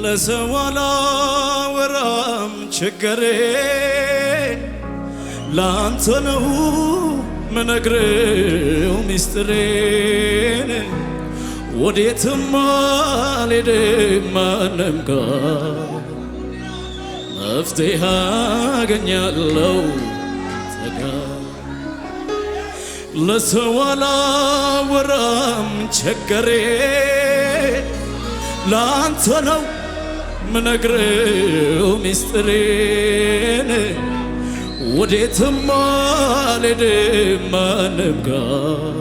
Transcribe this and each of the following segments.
ለሰው አላወራም ችግሬ ላንተ ነው ምነግረው ሚስጥሬን ወዴትም አልሄድም ማንም ጋር መፍትሄ አገኛለሁ ጸጋ ለሰው አላወራም ችግሬ ላንተ ነው ምነግረው ሚስጥሬን ወዴትም አልሄድም ማንም ጋር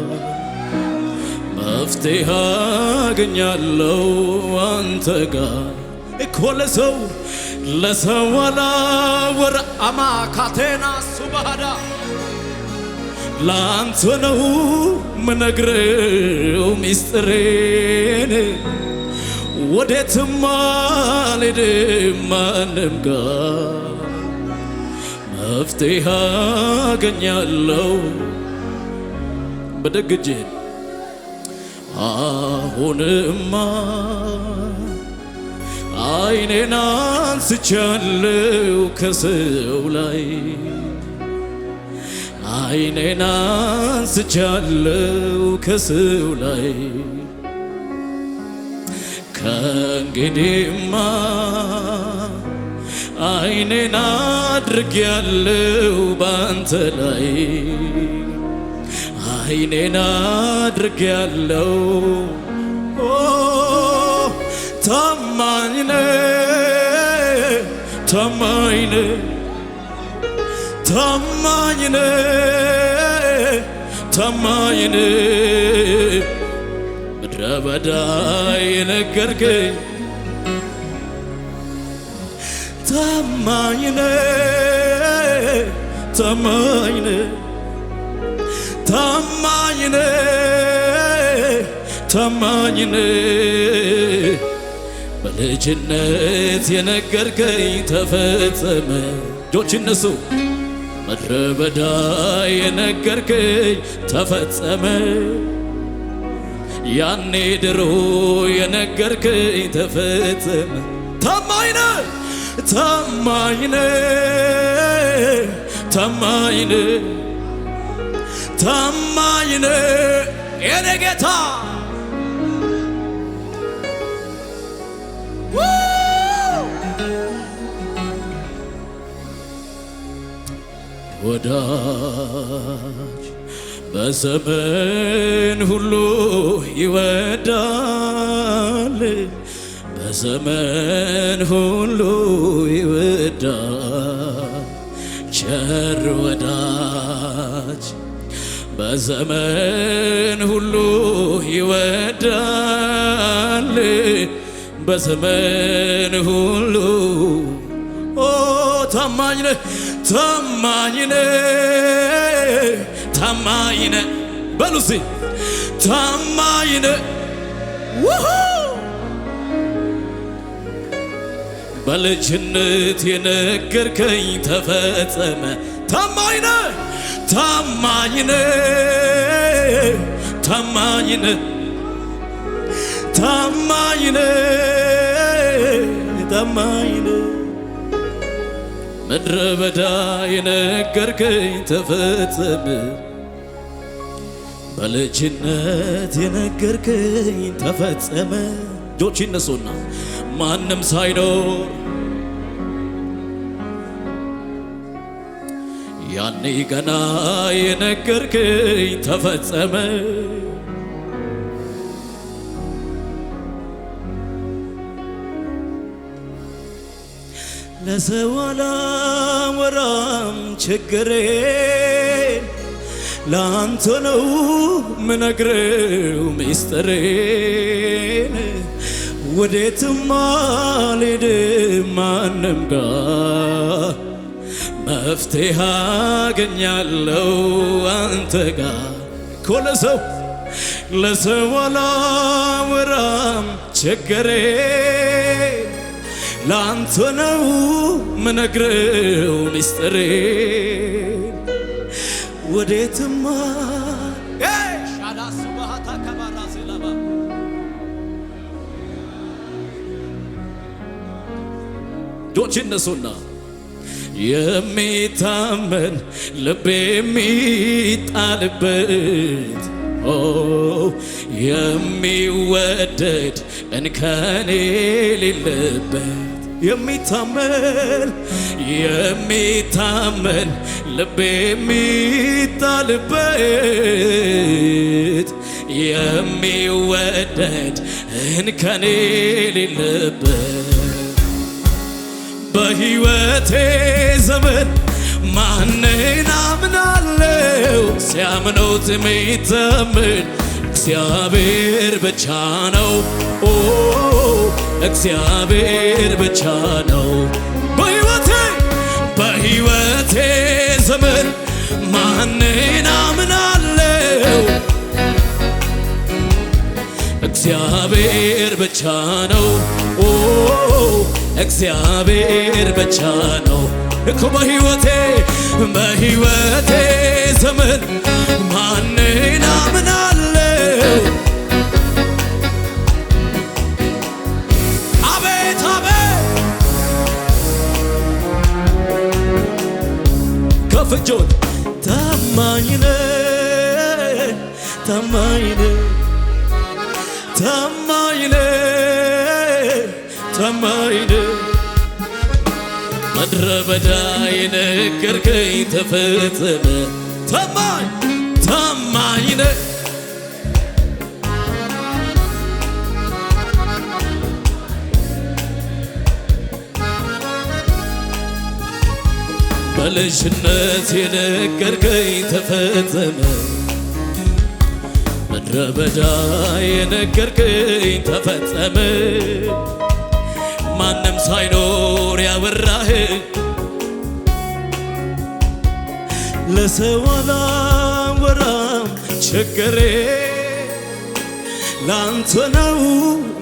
መፍትሄ አገኛለው አንተ ጋር እኮ ለሰው ለሰው አላወራ አማ ካቴና ለአንተ ነው ምነግረው ሚስጥሬን ወዴትም አልሄድም ማንም ጋር መፍትሄ አገኛለሁ በደግ እጅ አሁንማ አይኔን አንስቻለሁ ከሰው ላይ አይኔን አንስቻለሁ ከሰው ላይ ከእንግዲህማ አይኔን አድርጌያለሁ ባንተ ላይ አይኔን አድርጌያለሁ ታማኝ ነህ ታማኝ ነህ ታማኝ ነህ ምድረ በዳ የነገርከኝ ታማኝነ ታማኝነ ታማኝነ ታማኝነ በልጅነት የነገርከኝ ተፈጸመ። እጆች እነሱ ምድረ በዳ የነገርከኝ ተፈጸመ። ያኔ ድሮ የነገርከኝ ተፈጸመ። ታማኝ ነህ፣ ታማኝ ነህ፣ የኔ ጌታ ወዳ በዘመን ሁሉ ይወዳል፣ በዘመን ሁሉ ይወዳል፣ ቸር ወዳጅ በዘመን ሁሉ ይወዳል፣ በዘመን ሁሉ ኦ ታማኝ ነህ ታማኝ ነህ ታማኝነ በሉሲ ታማኝነ ውሁ በልጅነት የነገርከኝ ተፈጸመ። ታማኝነ ታማኝነ ታማኝነ ታማኝነ ታማኝነ ምድረ በዳ የነገርከኝ ተፈጸመ። በልጅነት የነገርከኝ ተፈጸመ። እጆች ይነሱና ማንም ሳይኖር ያኔ ገና የነገርከኝ ተፈጸመ። ለሰው አላወራም ችግሬ ለአንተ ነው ምነግረው ሚስጥሬን ወዴትም አልሄድም ማንም ጋር መፍትሄ አገኛለው አንተ ጋር እኮ ለሰው ለሰው አላወራም ችግሬ ላንተ ነው ምነግረው ሚስጥሬን ወዴትማ ሻላ ስባሃታ ከባራ ዜላባ ጆች እነሱና የሚታመን ልቤ የሚጣልበት የሚወደድ እንከን የሌለበት የሚታመን የሚታመን ልቤ የሚጣልበት የሚወደድ እንከኔ የሌለበት በሕይወቴ ዘመን ማንን አምናለው ሲያምኖት የሚታመን እግዚአብሔር ብቻ ነው እግዚአብሔር ብቻ ነው። በህይወቴ በሕይወቴ ዘመን ማንን አምናለው? እግዚአብሔር ብቻ ነው እግዚአብሔር ብቻ ነው እኮ በህይወቴ በሕይወቴ ዘመን ማንን አምናለው አቤት አቤት ከፍጆት ታማኝ ታማኝነ ታማኝነ ታማኝነ ምድረ በዳ የነገርከኝ ተፈጸመ ታማኝ ታማኝነ በልጅነት የነገርከኝ ተፈጸመ፣ ምድረ በዳ የነገርከኝ ተፈጸመ። ማንም ሳይኖር ያወራህ ለሰው አላወራም ችግሬ ላንተ ነው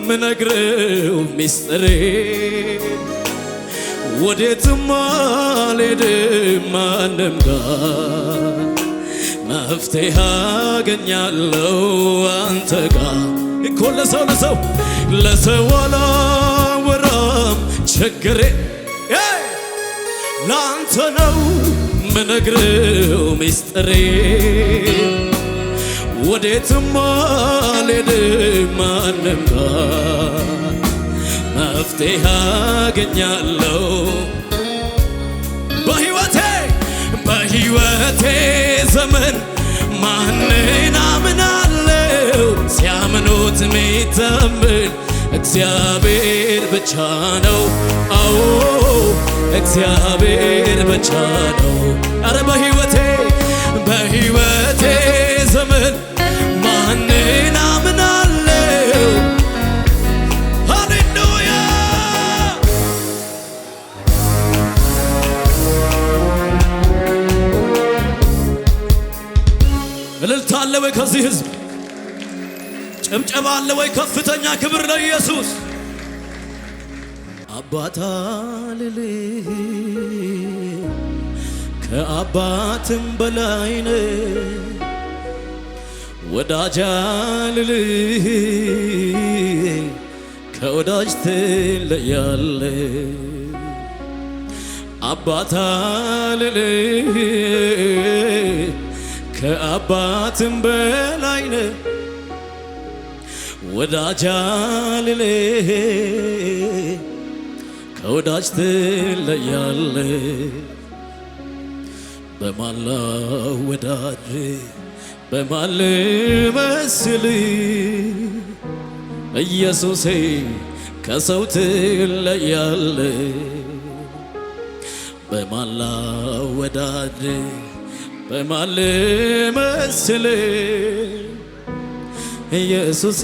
ምነግረው ሚስጥሬ ወዴትም አልሄድም ማንም ጋር መፍትሄ አገኛለው አንተ ጋር እኮ ለሰው ለሰው ለሰው አላወራም ችግሬ ለአንተ ነው ምነግረው ሚስጥሬ ወዴትም አልሄድም ማንም ጋር መፍትሄ አገኛለሁ በሕይወቴ በሕይወቴ ዘመን ማንን አምናለሁ? ሲያምኑት ሚተምን እግዚአብሔር ብቻ ነው። አዎ እግዚአብሔር ብቻ ነው። አረ በሕይወቴ በሕይወቴ ዘመን ማንን አምናለሁ? አለ ወይ? ከዚህ ህዝብ ጭምጨባ አለ ወይ? ከፍተኛ ክብር ለኢየሱስ አባታልል ከአባትም በላይነ ወዳጃልል ከወዳጅ ትለያለ አባታልል ከአባትም በላይነ ነህ ወዳጅ አልልህ ከወዳጅ ትለያለህ በማን ላወዳድርህ በማን ልመስልህ ኢየሱሴ ከሰው ትለያለህ በማን ላወዳድርህ በማን ልመስል ኢየሱሴ